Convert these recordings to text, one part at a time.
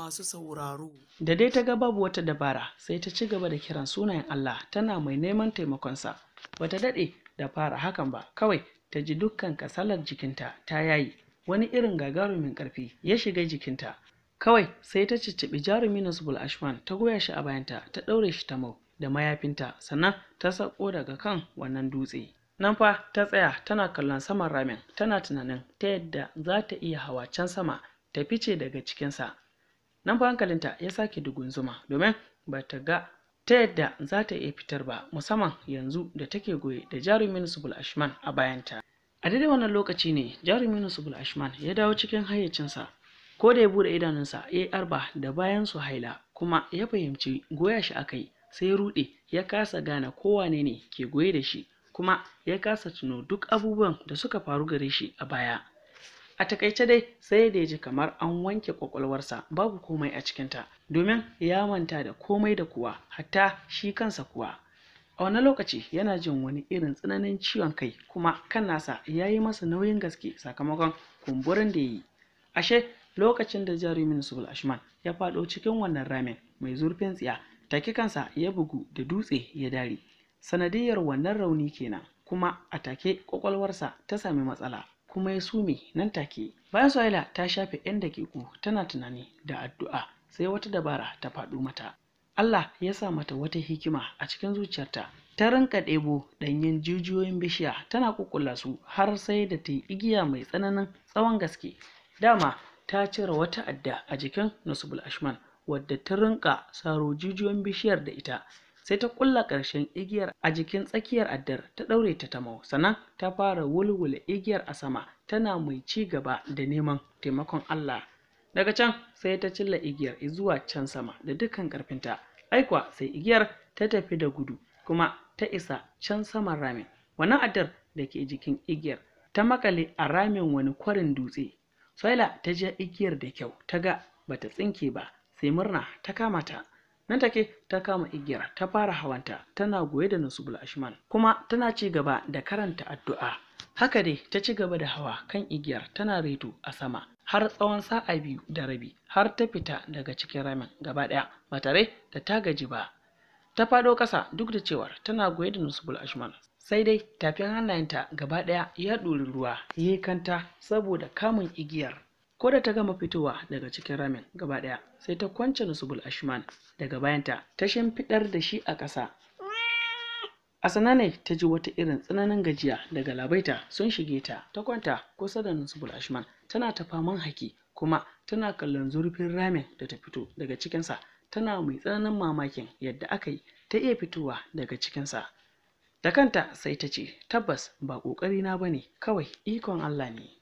masu sauraro. Da dai ta ga babu wata dabara sai ta ci gaba da kiran sunayen Allah tana mai neman taimakonsa. Bata daɗe da fara hakan ba kawai ta ji dukkan kasalar jikinta ta yayi wani irin gagarumin ƙarfi ya shiga jikinta. Kawai sai ta cicciɓi jarumin Nasbul Ashman ta goya shi a bayanta ta ɗaure shi ta mau da mayafinta sannan ta sako daga kan wannan dutse. Nan fa ta tsaya tana kallon saman ramin tana tunanin ta yadda za ta iya hawa can sama ta fice daga cikinsa nan fa hankalinta ya sake dugun zuma domin ba ta ga ta yadda za ta iya fitar ba musamman yanzu da take goye da jarumin subul ashman a bayanta a daidai wannan lokaci ne jarumin subul ashman ya dawo cikin hayyacinsa ko da ya bude idanunsa ya arba da bayan su haila kuma ya fahimci goya shi aka yi sai ya ruɗe ya kasa gane kowane ne ke goye da shi kuma ya kasa tuno duk abubuwan da suka faru gare shi a baya a takaice dai sai da ya ji kamar an wanke kwakwalwarsa babu komai a cikinta domin ya manta da komai da kuwa hatta shi kansa kuwa a wani lokaci yana jin wani irin tsananin ciwon kai kuma kan nasa ya yi masa nauyin gaske sakamakon kumburin da ya yi ashe lokacin da jarumin subul ashman ya faɗo cikin wannan ramin mai zurfin tsiya take kansa ya bugu da dutse ya dare sanadiyar wannan rauni kenan kuma a take kwakwalwarsa ta sami matsala kuma ya sume nan take bayan suhaila ta shafe 'yan dakiku tana tunani da addu'a sai wata dabara ta faɗo mata Allah ya sa mata wata hikima a cikin zuciyarta ta rinka ɗebo ɗanyen jijiyoyin bishiya tana kukula su har sai da ta yi igiya mai tsananin tsawon gaske dama ta cire wata adda a jikin nasubul ashman wadda ta rinka saro jijiyoyin bishiyar da ita sai ta kulla ƙarshen igiyar a jikin tsakiyar addar ta ɗaure ta tamau sannan ta fara wulwula igiyar a sama tana mai ci gaba da neman taimakon Allah daga can sai ta cilla igiyar zuwa can sama da dukkan ƙarfinta aikwa sai igiyar ta tafi da gudu kuma ta isa can saman ramin wani addar da ke jikin igiyar ta makale a ramin wani kwarin dutse saila ta ja igiyar da kyau ta ga bata tsinke ba sai murna ta kama ta nan take ta kama igiyar ta fara hawanta tana goye da nusubul ashman kuma tana ci gaba da karanta addu'a haka dai ta ci gaba da hawa kan igiyar tana reto a sama har tsawon sa'a biyu da rabi har ta fita daga cikin ramin gaba ɗaya ba tare da ta gaji ba ta faɗo ƙasa duk da cewar tana goye da nusubul ashman sai dai tafin hannayenta gaba ɗaya ya ɗori ruwa ya kanta saboda kamun igiyar ko da ta gama fitowa daga cikin ramin gaba ɗaya sai ta kwance nusubul ashman daga bayanta ta shimfiɗar da shi a ƙasa a sanane ta ji wata irin tsananin gajiya daga labaita sun shige ta ta kwanta kusa da nusubul ashman tana ta faman haki kuma tana kallon zurfin ramin da ta fito daga cikinsa tana mai tsananin mamakin yadda aka yi ta iya fitowa daga cikinsa da kanta sai ta ce tabbas ba ƙoƙarina ba ne kawai ikon allah ne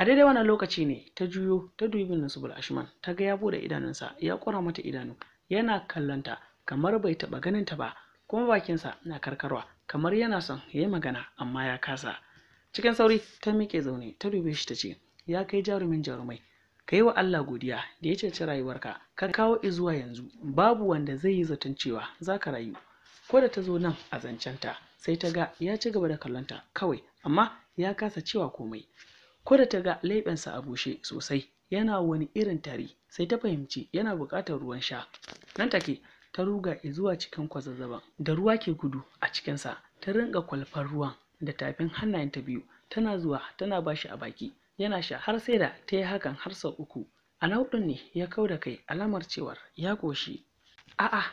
a daidai wannan lokaci ne ta juyo ta dubi nasibul ashman ta ga ya bude idanunsa ya kora mata idanu yana kallonta kamar bai taba ganin ta ba kuma bakinsa na karkarwa kamar yana son ya yi magana amma ya kasa cikin sauri ta miƙe zaune ta dube shi ta ce ya kai jarumin jarumai ka yi wa Allah godiya da ya ci rayuwarka ka kawo izuwa yanzu babu wanda zai yi zaton cewa za ka rayu ko da ta zo nan a zancenta sai ta ga ya ci gaba da kallonta kawai amma ya kasa cewa komai ko da ta ga leɓensa a bushe sosai yana wani irin tari sai ta fahimci yana buƙatar ruwan sha nan take ta ruga zuwa cikin kwazazzaban da ruwa ke gudu a cikinsa ta rinka kwalfar ruwan da tafin hannayen ta biyu tana zuwa tana bashi a baki yana sha har sai da ta yi hakan har sau uku A nauɗin ne ya kau da kai alamar cewar ya ƙoshi a'a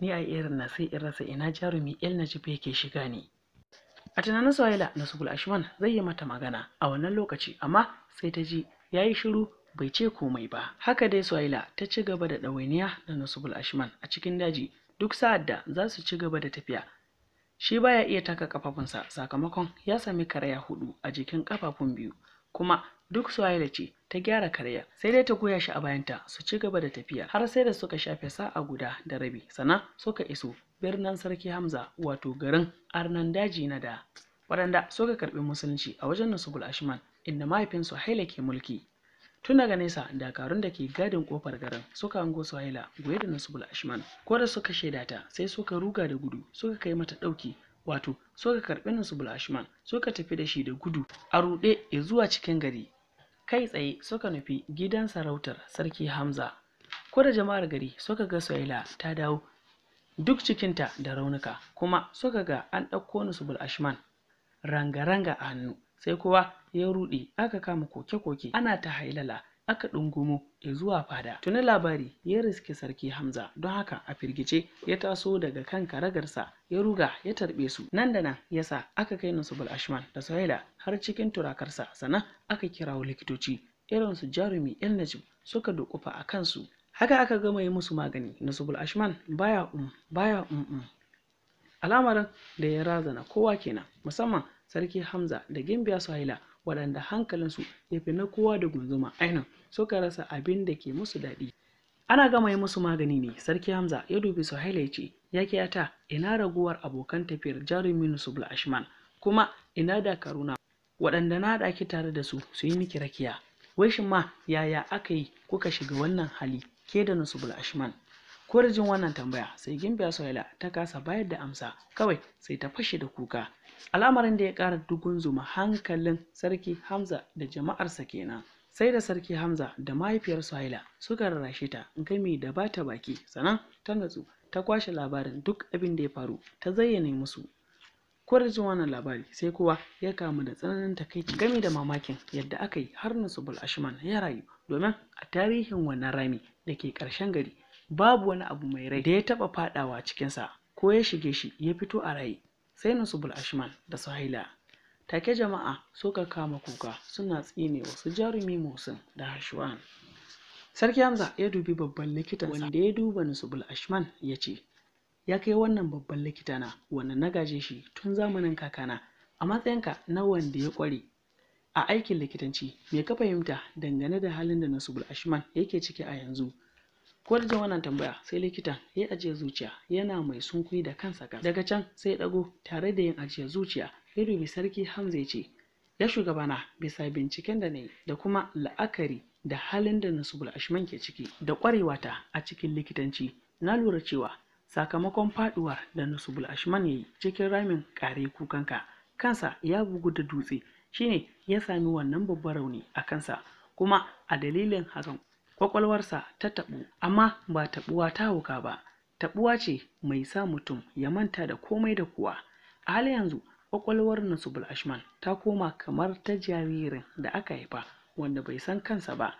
ni a irin na sai in rasa ina jarumi ilna jibe ke shiga ne a tunanin suwaila na subul ashman zai yi mata magana a wannan lokaci amma sai ta ji yayi shiru bai ce komai ba haka dai suwaila ta ci gaba da ɗawainiya da nasubul ashman a cikin daji duk sa'ad da za su ci gaba da tafiya shi baya iya taka kafafunsa sakamakon ya sami karaya hudu a jikin kafafun biyu kuma duk suwaila ce ta gyara karaya. sai dai ta goya shi a bayanta su ci gaba da tafiya har sai da suka shafe sa'a guda da rabi sana suka iso birnin sarki hamza wato garin arnan daji na da waɗanda suka karɓi musulunci a wajen nasu ashman inda mahaifinsu haila ke mulki tun daga nesa dakarun da ke gadin kofar garin suka hango su haila goye da nasubul ashman ko da suka shaida ta sai suka ruga da gudu suka kai mata ɗauki wato suka karɓi nasu ashman suka tafi da shi da gudu a ruɗe ya zuwa cikin gari kai tsaye suka nufi gidan sarautar sarki hamza ko da jama'ar gari suka ga suhaila ta dawo duk cikinta da raunuka kuma suka ga an ɗauko ni subul ashman ranga-ranga a hannu sai kowa ya ruɗe aka kama koke-koke ana ta hailala aka ɗungumo zuwa fada tuni labari ya riske sarki hamza don haka a firgice ya taso daga kan karagarsa ya ruga ya tarbe su nan da nan ya sa aka kai nusubul ashman da suhaila har cikin turakarsa sannan aka kirawo likitoci irinsu jarumi el najib suka doƙufa a kansu haka aka gama yi musu magani subul ashman baya um baya um um al'amarin da ya razana kowa kenan musamman sarki hamza da gimbiya suhaila waɗanda hankalinsu ya fi na kowa da gunzuma ainihin suka rasa abin da ke musu daɗi ana gama yi musu magani ne sarki hamza ya dubi suhaila ya ce ya kiyata ina raguwar abokan tafiyar jarumin subul ashman kuma ina dakaruna waɗanda na ɗaki tare da su su yi miki rakiya wai shi ma yaya aka yi kuka shiga wannan hali ke da nusubul ashman ko da jin wannan tambaya sai gimbiya soyala ta kasa bayar da amsa kawai sai ta fashe da kuka al'amarin da ya ƙara dugun zuma hankalin sarki hamza da jama'arsa kenan sai da sarki hamza da mahaifiyar soyala suka rarrashe ta gami da bata baki sannan ta natsu ta kwashe labarin duk abin da ya faru ta zayyana musu jin wannan labari sai kowa ya kamu da tsananin takaici Gami da mamakin yadda aka yi har nusubul ashman ya rayu domin a tarihin wannan rami da ke ƙarshen gari babu wani abu mai rai da ya taɓa faɗawa cikinsa ko ya shige shi ya fito a raye sai nusubul ashman da su suhaila take jama'a suka kama kuka suna tsine wasu jarumi musin da hashuwan sarki hamza ya dubi babban likitan wanda ya duba nusubul ashman ya ce ya kai wannan babban likitana wanda na gaje shi tun zamanin kakana a matsayinka na wanda ya kware a aikin likitanci me ka fahimta dangane da halin da nasubul ashman yake ciki a yanzu ko da wannan tambaya sai likitan ya ajiye zuciya yana mai sunkui da kansa ka daga can sai dago tare da yin ajiye zuciya iri mai sarki hamza ya ce ya shugabana bisa binciken da na da kuma la'akari da halin da nasubul ashman ke ciki da kwarewata a cikin likitanci na lura cewa sakamakon faduwar da nasubul ashman ya yi cikin ramin kare kukanka kansa ya bugu da dutse Shi ne ya sami wannan babban rauni a kansa kuma a dalilin hakan kwakwalwarsa ta taɓu amma ba taɓuwa ta hauka ba taɓuwa ce mai sa mutum ya manta da komai da kuwa a halin yanzu kwakwalwar nasubul ashman ta koma kamar ta jaririn da aka haifa wanda bai san kansa ba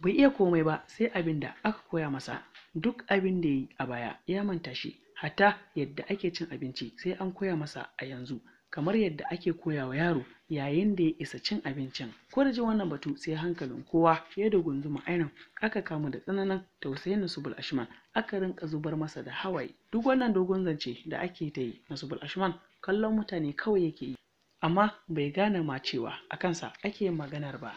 bai iya komai ba sai abin da aka koya masa duk abin da ya yi a baya ya manta shi hatta yadda ake cin abinci sai an koya masa a yanzu kamar yadda ake koyawa yaro yayin da ya isa cin abincin ko da ji wannan batu sai hankalin kowa ya da gunzuma ainin aka kamu da tsananin tausayin nasubul ashman aka rinka zubar masa da hawaye duk wannan dogon zance da ake ta yi nasubul ashman kallon mutane kawai yake yi amma bai gane ma cewa a kansa ake maganar ba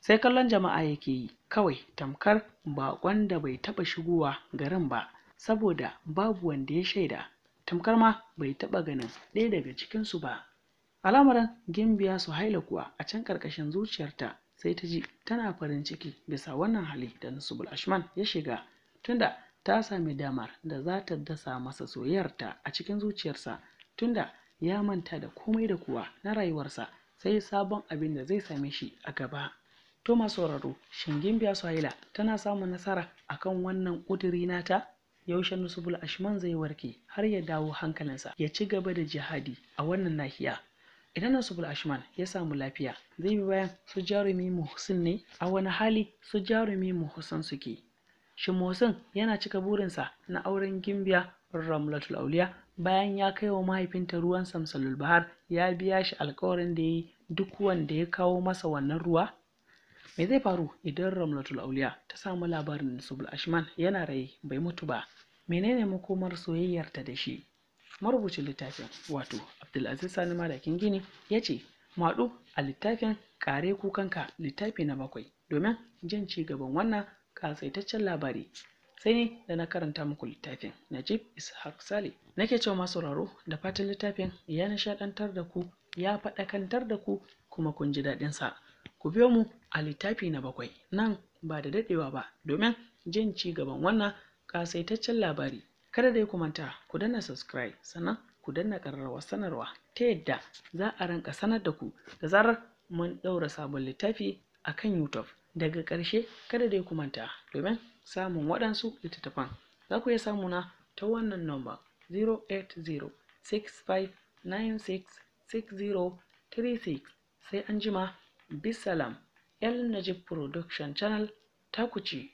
sai kallon jama'a yake yi kawai tamkar bakon da bai taɓa shigowa garin ba saboda babu wanda ya shaida tamkar ma bai taɓa ganin ɗaya daga cikinsu ba Alamar gimbiya su haila kuwa a can ƙarƙashin zuciyarta sai ta ji tana farin ciki bisa wannan hali da nasubul ashman ya shiga tunda ta sami damar da za ta dasa masa soyayyarta a cikin zuciyarsa tunda ya manta da komai da kuwa na rayuwarsa sai sabon abin da zai same shi a gaba to masu sauraro shin gimbiya su haila tana samun nasara akan wannan ƙudiri nata yaushe nusubul ashman zai warke har ya dawo hankalinsa ya ci gaba da jihadi a wannan nahiya idan nusubul ashman ya samu lafiya zai bi bayan su jarumi muhsin ne a wani hali su jarumi muhsin suke shi muhsin yana cika burinsa na auren gimbiya ramlatul auliya bayan ya kai wa mahaifinta ruwan samsalul bahar ya biya shi alkawarin da ya yi duk wanda ya kawo masa wannan ruwa me zai faru idan ramlatul auliya ta samu labarin subul ashman yana rai? bai mutu ba menene makomar ta da shi marubucin littafin wato abdulaziz sani malakin gini ya ce maɗu a littafin kare kukanka littafi na bakwai domin jan ci gaban wannan kasaitaccen labari sai ne da na karanta muku littafin najib ishaq sale nake cewa masu sauraro da fatan littafin ya nishaɗantar da ku ya faɗakantar da ku kuma kun ji daɗinsa ku biyo mu a littafi na bakwai nan ba da dadewa ba domin jin ci gaban wannan ƙasaitaccen labari kada dai ku manta ku danna subscribe sannan ku danna ƙararrawar sanarwa ta yadda za a ranka sanar da ku da zarar mun daura sabon littafi a kan youtube daga ƙarshe kada dai ku manta domin samun waɗansu littattafan za ku iya samu na ta wannan nomba 08065966036 sai an jima Bisalam El Najib Production Channel taku ce.